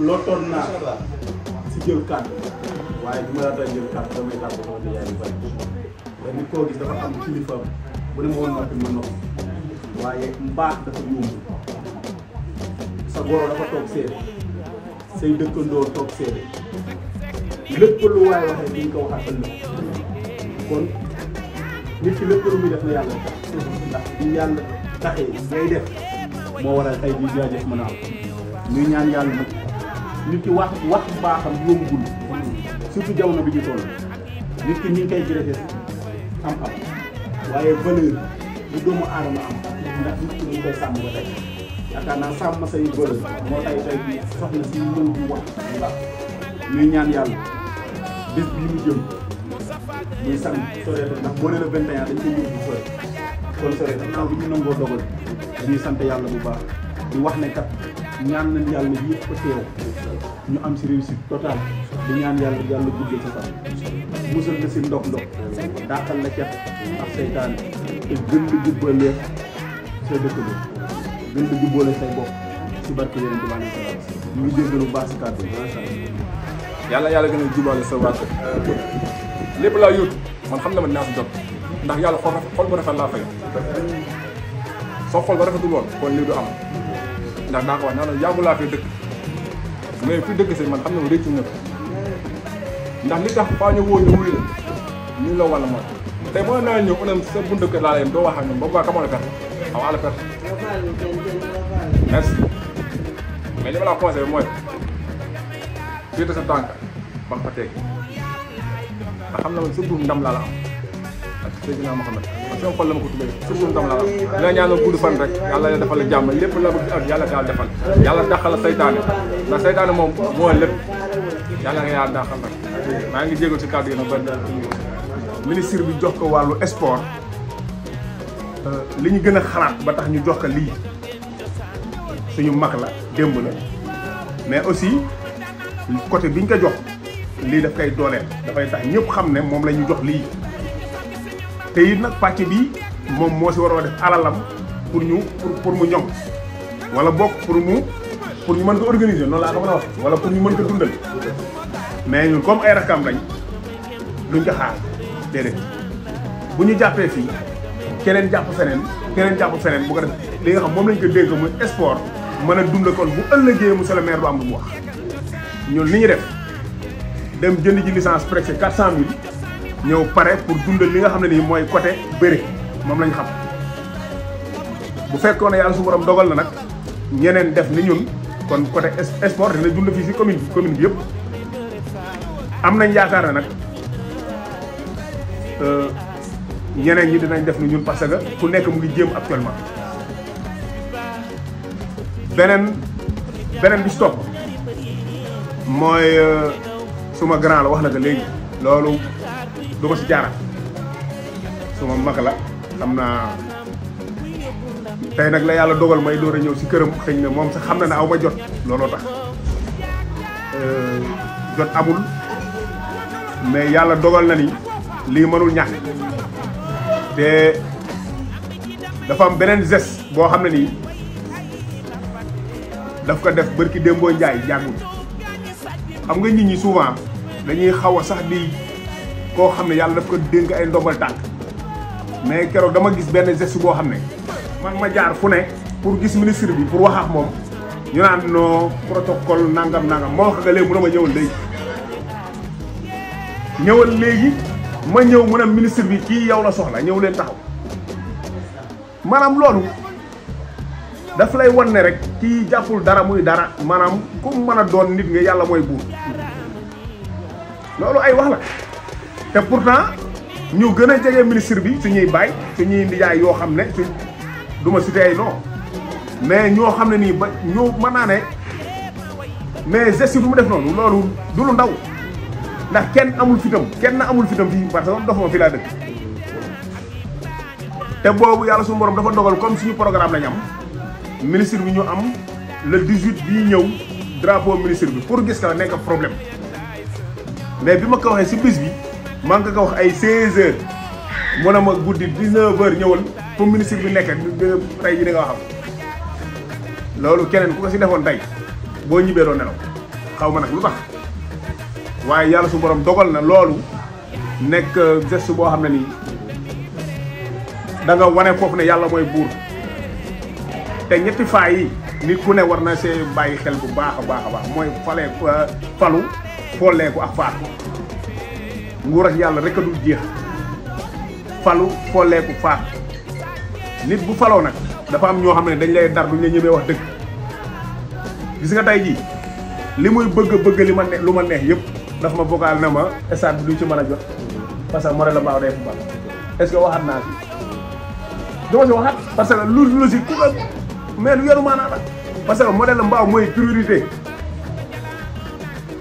lottoon naa si jël kàddu waaye bi ma laataa jël kàddu damay tàggatoo ak yaay yu bëri te nit koo gis dafa am kilifa bu ne ma woon ma noppi waaye mbaax dafa yomb sa goro dafa toog seede say dëkkandoo toog seede lépp lu waxee di nga ko waxaat ëllëg kon nit ki lépp muy def na yàlla ndax yàlla taxee ngay def moo waral tey jii jaajëf mën a am ñuy ñaan yàlla nag nit ki wax wax baaxam yombul surtout jamono bi ñu toll nit ki ñu ngi koy jërëjëf am am waaye valeur bu doomu aadama am ndax nit ki ñu koy sàmm ba tey yaakaar naa sàmm say valeur moo tay tay bi soxna si mën di wax bu baax ñuy ñaan yàlla bés bii mu jëm muy san soreetul ndax boo nee 21 dañ koy yóbbu sore kon soreetul taw bi ñu nangoo dogal dañuy sant yàlla bu baax di wax ne kat ñaan nañ yàlla yëpp teew ñu am si réussite totale di ñaan yàlla yàlla guddal sa fan musal la si ndox ndox dàqal la cat ak seytaane te gën la jubbaleef say dëkkandoo gën la jubbale say bopp si barke yeneen bi alayhi salaam ñu ngi jéggalu baax si kàddu yàlla yàlla gën a jubale sa wàll lépp laa yóot man xam na ma naa si jot ndax yàlla xol xol bu rafet laa fay soo xol ba rafetul woon kon lii du am ndax naa ko wax naa ne yàggu laa fee dëkk mais fi dëgg si man xam na ma réccu na ko ndax li tax faa ñu wóor ñu wuy la ñu la wala ma tey mën naa ñëw onam sa buntu kër laa la yem doo wax ak ñoom boobu waa kamoo la perte xaw ala perte merci mais li ma la conseillé mooy féete sa tànk ba nga fa teg ndax na man sa buur ndam laa la am ak Seydina Mouhamed sama la ko tuddee su suñu ndam la la la fan rek yàlla defal lépp la bëgg ak yàlla daal defal yàlla dàqal la saytaane ndax moom moo lépp yàlla nga yàlla dàqal nag maa ngi jéego ci kàddu yi nag ban ministre bi jox ko wàllu sport euh, li ñu gën a xalaat ba ñu jox ko lii suñu mag la démb la mais aussi côté bi ñu ko jox lii daf koy dooleel dafay tax ñëpp xam ne moom la ñu jox lii te it nag pàcc bi moom moo si waroon a def alalam pour ñu pour pour mu ñoŋ wala bokk pour mu pour ñu mën ko organiser noonu laa ko mën a wax wala pour ñu mën ko dundal mais ñun comme ay rakam lañ duñ ko xaar déedéet bu ñu jàppee fii keneen jàpp feneen keneen jàpp feneen bu ko def li nga xam moom lañ ko dénk muy sport mën a dund kon bu ëllëgee monsieur le maire du am lu mu wax ñun li ñu def dem jënd ji licence presque quatre cent mille ñëw paré pour dundal li nga xamné ni moy côté béré mom lañ xam bu fekkone yalla su borom dogal na nak ñeneen def ni ñun kon côté sport dina dund fi ci commune commune bi yépp am nañ yaakaar ne nag euh, ñeneen ñi dinañ def ni ñun parce que ku nekk mu ngi jëm actuellement benen benen bi stop moy euh, suma grand la wax na ko legui lolou du ma si jaaraat suma mag la xam naa tey nag la yàlla dogal may door a ñëw si këram xëñ na moom sax xam na ne aw ma jot looloo tax euh, jot amul mais yàlla dogal na ni lii mënul ñax te dafa am beneen geste boo xam ne nii daf ko def bërki démboo njaay jàngul xam nga nit ñi souvent dañuy xaw a sax di ko xamne yalla yàlla daf ko dénk ay ndombal tank mais kéro dama gis ben geste bo xamne man ma jaar fu ne pour gis ministre bi pour wax ak mom ñu nan no protocole nangam nangam mo xaga nga mu dama ma ñëwal ñewal legi ma ñew mu ne ministre bi ki yaw la soxla ñew leen taxaw lay wan rek ki jappul dara muy dara manam kum mën don nit nga yalla moy bu lolu ay wax la te pourtant ñu gën a jege ministre bi ñuy baay ñuy ndijaay yoo xam ne su du ma cité ay non mais ñoo xam ne nii ba ñoo mën naa ne mais geste bu mu def noonu loolu du lu ndaw ndax kenn amul fitam kenn amul fitam fii parce que dofuma fi laa dëkk te boobu yàlla suñu borom dafa dogal comme suñu programme lañ am ministre bi ñu am le 18 bii ñëw drapeau ministre bi pour gis ka nekk problème mais bi ma ko waxee si bis bi man ngi ko wax ay 16h mu ma guddi 19h ñëwal fa ministre bi nekk tey ji di nga xam loolu keneen ku ko si defoon tey boo ñibbee doon nelaw xaw ma nag lu tax waaye yàlla su boroom dogal na loolu nekk gest boo xam ne nii danga wane foofu ne yàlla mooy buur te ñetti faa yi nit ku ne war na see bàyyi xel bu baax a baax a baax mooy falee euh, falu folleeku ak faatu nguur ak yàlla rek a dul jeex falu folleeku faat nit bu falo nak dafa am ño xamne dañ lay dar duñ la ñëwé wax dëgg gis nga tay ji li muy bëgg bëgg li ma ne luma neex yëpp dafa ma vocal na ma stade bi du ci mëna jox parce que moré la Mbao def ba est-ce que waxat na ci dama ci waxat parce que lu lu ci ku la mais lu yoru maanaa la parce que Morel Mbao moy priorité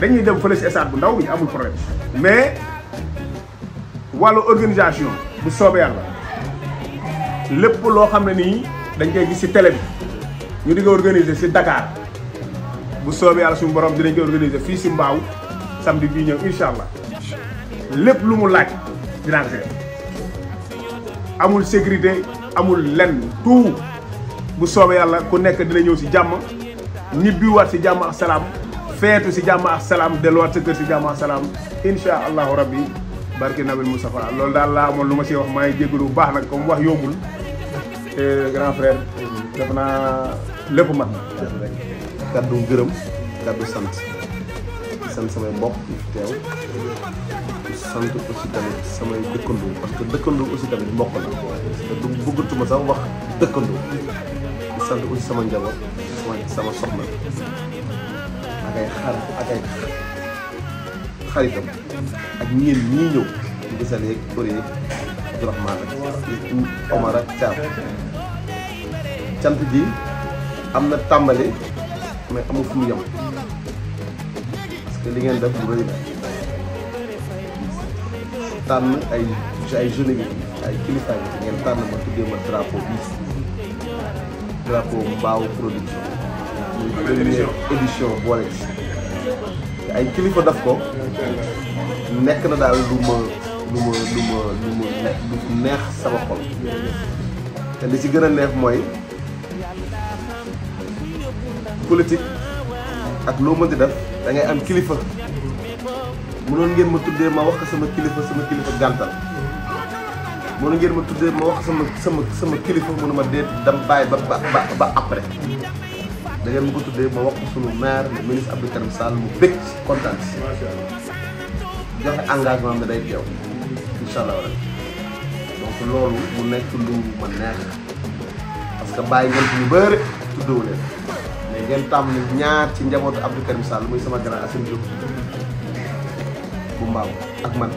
dañuy dem fële si stade bu ndaw bi amul problème mais wala organisation bu soobee yàlla lépp loo xam ne nii dañ koy gis ci télé bi ñu di nga organiser ci Dakar bu soobee yàlla suñu borom dinañ ko organiser fii ci Mbaaw samedi bii ñëw incha allah lépp lu mu laaj dinaa ko amul sécurité amul lenn tout bu soobee yàlla ku nekk dina ñëw ci jàmm ñibbiwaat ci jàmm ak salaam feetu ci jàmm ak salaam delluwaat sa kër ci jàmm ak salaam incha allahu rabbi barke Nabil Moustapha loolu daal laa amoon ma si wax maa ngi jégalu bu baax nag comme wax yombul eh, grand frère def naa lépp man na kaddu gërëm kaddu sant di sant samay mbokk yu teew sant aussi tamit samay dëkkandoo parce que dëkkandoo aussi tamit mbokk la te du bëggatuma sax wax dëkkandoo di sant aussi sama njaboot sama sama soxna ak ay xaritam ak ñeen ñii ñëw gisaleeg bëreeg Abdourahmane ak Omar ak Thiam cant ji am na tàmbali mais amul fu mu yem parce que li ngeen def lu rëy la tànn ay ay ay kilifa yi ngeen tànn ma tuddee ma drapeau bi drapeau mbaaw production muy première édition boole ay kilifa daf ko nekk na daal lu ma lu ma lu ma lu ma neex sama xol te li ci gën a neex mooy politique ak loo mënti def da am kilifa mënoon ngeen ma tuddee ma wax ko sama kilifa sama kilifa gàntal mënoon ngeen ma tuddee ma wax sama sama sama kilifa mënu ma dee dam bàyyi ba ba ba après da ngeen ma ko tuddee ma wax sunu maire le ministre Abdou Karim Sall mu bég kontaan si joxe engagement bi day teew incha allah rek donc loolu mu nekk lu ma neex parce que bàyyi ngeen ci ñu bëri tuddewu leen mais ngeen tàmm ni ñaar ci njabootu Abdou Karim Sall muy sama grand Assane Diop bu mbaaw ak man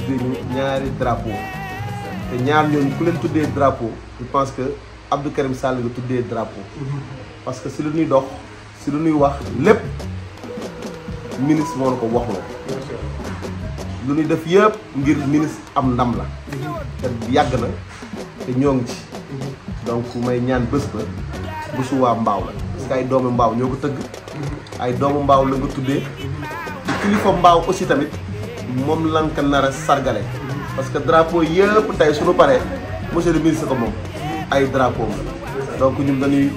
tuddee ñu ñaari drapeau te ñaar ñooñu ku leen tuddee drapeau je pense que Abdou Karim Sall nga tuddee drapeau. Mhm. parce que si lu ñuy dox si lu ñuy wax lépp ministre moo ko wax lu ñuy def yëpp ngir ministre am ndam la. Mhm. te yàgg na te ñoo ngi ci. Mhm. donc may ñaan bés ba bésu mbaaw la. parce que ay doomu mbaaw ñoo ko tëgg. ay doomu mbaaw la nga tuddee. kilifa mbaaw aussi tamit moom lan ka nar a sargale. parce que drapeau yëpp tey suñu paree monsieur le ministre ko moom. ay drapeau donc ñun dañuy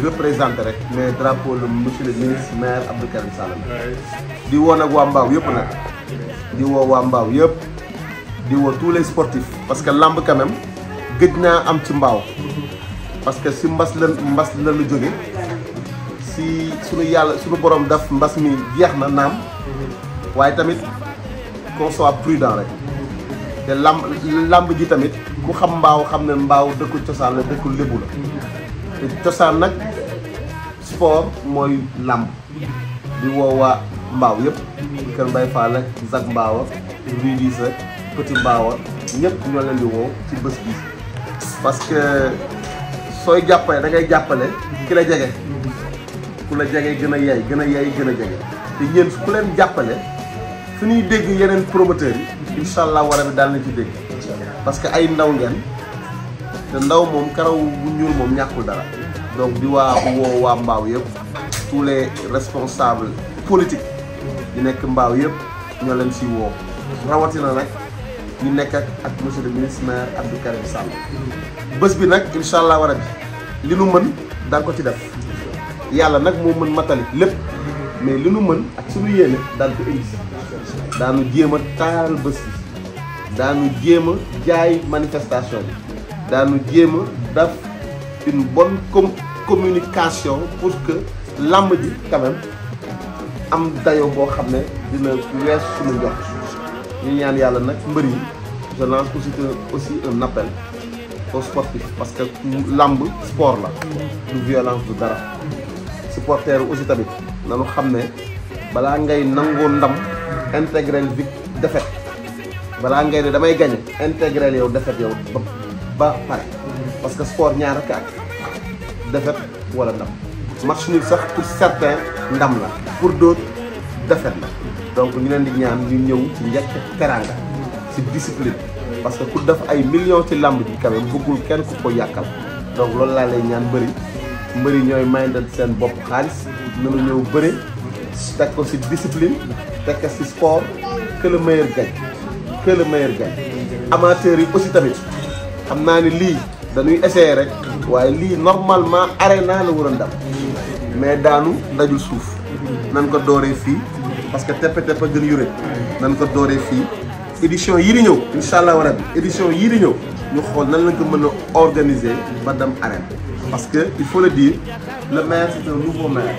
représenté rek mais drapeau la monsieur le ministre maire Abdou Karim Sall di woo nag waa Mbaaw yëpp nag di woo waa Mbaaw yëpp di woo tous les sportifs parce que lamb quand gëj naa am ci Mbaaw parce que si mbas la mbas la lu jóge si sunu yàlla sunu borom daf mbas mi jeex na naam waaye tamit qu'on soit prudent rek te làmb lamb ji tamit ku xam mbaaw xam ne mbaaw dëkku cosaan la dëkku lébu la te cosaan nag sport mooy lamb di woowaa mbaaw yëpp kër Mbay Fall ak Zak Mbaawa Louis Lissa Petit Mbaawa ñëpp ñoo leen di woow ci bés bi parce que sooy jàppale da ngay jàppale ki la jege ku la jege gën a yaay gën a yaay gën a jege te ñeen ku leen jàppale fu ñuy dégg yeneen promoteurs yi incha allah wala daal na ci dégg. parce que ay ndaw ngeen te ndaw moom karaw bu ñuul moom ñàkkul dara. donc di waa woo waa mbaaw yëpp tous les responsables politiques yi nekk mbaaw yëpp ñoo leen si woo. rawatina nag ñu nekk ak ak monsieur le ministre Karim Sall. bés bi nag incha allah wala li nu mën daan ko ci def yàlla nag moo mën matali lépp mais li nu mën ak suñu yéene daan ko indi. daanu jéem a taal bés bi daanu jéem a jaay manifestation bi daanu jéem a def une bonne com communication pour que làmb ji quand même am dayo boo xam ne dina wees suñu jox ñu ñaan yàlla nag mbër yi je lance aussi un, aussi un appel aux sportifs parce que làmb sport la du violence du dara supporter aussi tamit nanu xam ne balaa ngay nangoo ndam intégrel bi defet balaa ngay ne damay gañe intégrel yow defet yow ba ba pare parce que sport ñaar ak ak defet wala ndam match nul sax pour certains ndam la pour d'autres defet la donc ñu leen di ñaan ñu ñëw ci njëkk teranga ci discipline parce que ku def ay million ci làmb ji quand même kenn ku ko yàqal donc loolu laa lay ñaan bëri mbëri ñooy mayndal seen bopp xaalis nanu ñëw bëri teg ko ci discipline Dakassi sport que le meilleur gagne que le meilleur gagne yi aussi tamit xam naa ni lii dañuy essayer rek waaye lii normalement arena la war a ndam mais daanu ndajul suuf nan ko dooree fii parce que tepp tepp a gën yure nan ko dooree fii édition yi di ñëw incha allah rabi édition yii di ñëw ñu xool nan la ko mën a organiser ba dem arène parce que il faut le dire le maire c'est un nouveau maire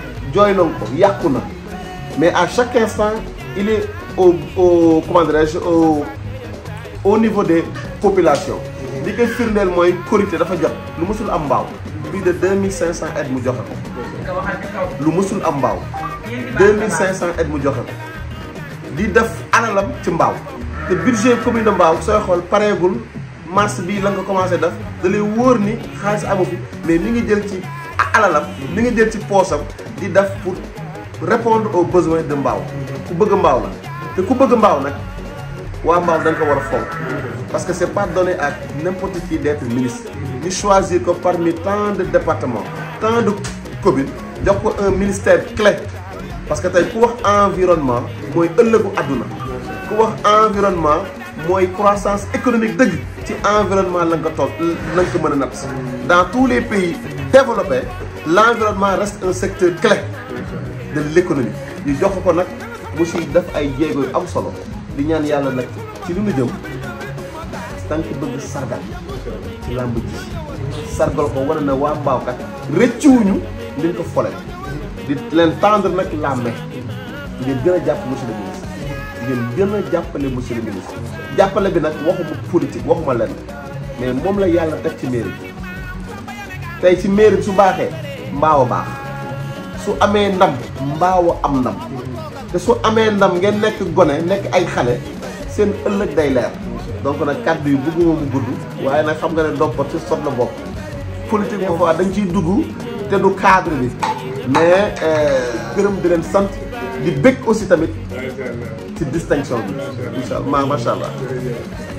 jooy nañ ko yakuna mais à chaque instant il est au au comment dirais-je au au niveau des populations. Mhm. li que firndeel moy korité dafa jot lu musul am mbaaw. plus de 2500 aides mu joxe ko. lu musul am mbaaw. 2500 aides mu joxe ko. di def analam ci mbaaw. te budget commune de mbaaw sooy xol pareegul mars bi la nga commencé def da lay wóor ni xaliss amu fi mais mi ngi jël ci alalam. mi ngi jël ci posam di pour répondre aux besoins de mbaaw ku bëgg la te ku bëgg mbaaw nag waa mbaaw dañ parce que c'est pas donné à n'importe qui d'être ministre Il choisit que parmi tant de départements tant de communes y ko un ministère clé parce que l'environnement, ku wax environnement mooy ëllëgu Aduna. ku wax environnement croissance économique de l'environnement. environnement dans tous les pays développés l'environnement reste un secteur clé de l'économie ñu jox ko nag mu si def ay jéego yu am solo di ñaan yàlla nag ci lu ñu jëm tant bëgg sargal ci làmb ji sargal ko wane na waa mbaawkat rëccuwuñu liñ ko fole di leen tendre nag la ngeen gën a jàpp monsieur le ministre ngeen gën a jàppale monsieur le ministre jàppale bi nag waxuma politique waxuma lenn mais moom la yàlla def ci mairie bi tey ci mairie bi su baaxee mbaaw a baax su amee ndam mbaaw am ndam te su amee ndam ngeen nekk gone nekk ay xale seen ëllëg day leer donc nag kàddu yi bëgguma mu gudd waaye nag xam nga ne doppat ci sot la bokk politique boobu dañ ciy dugg te du cadre bi mais euh, gërëm di leen sant di bëgg aussi tamit ci distinction bi incha allah macha allah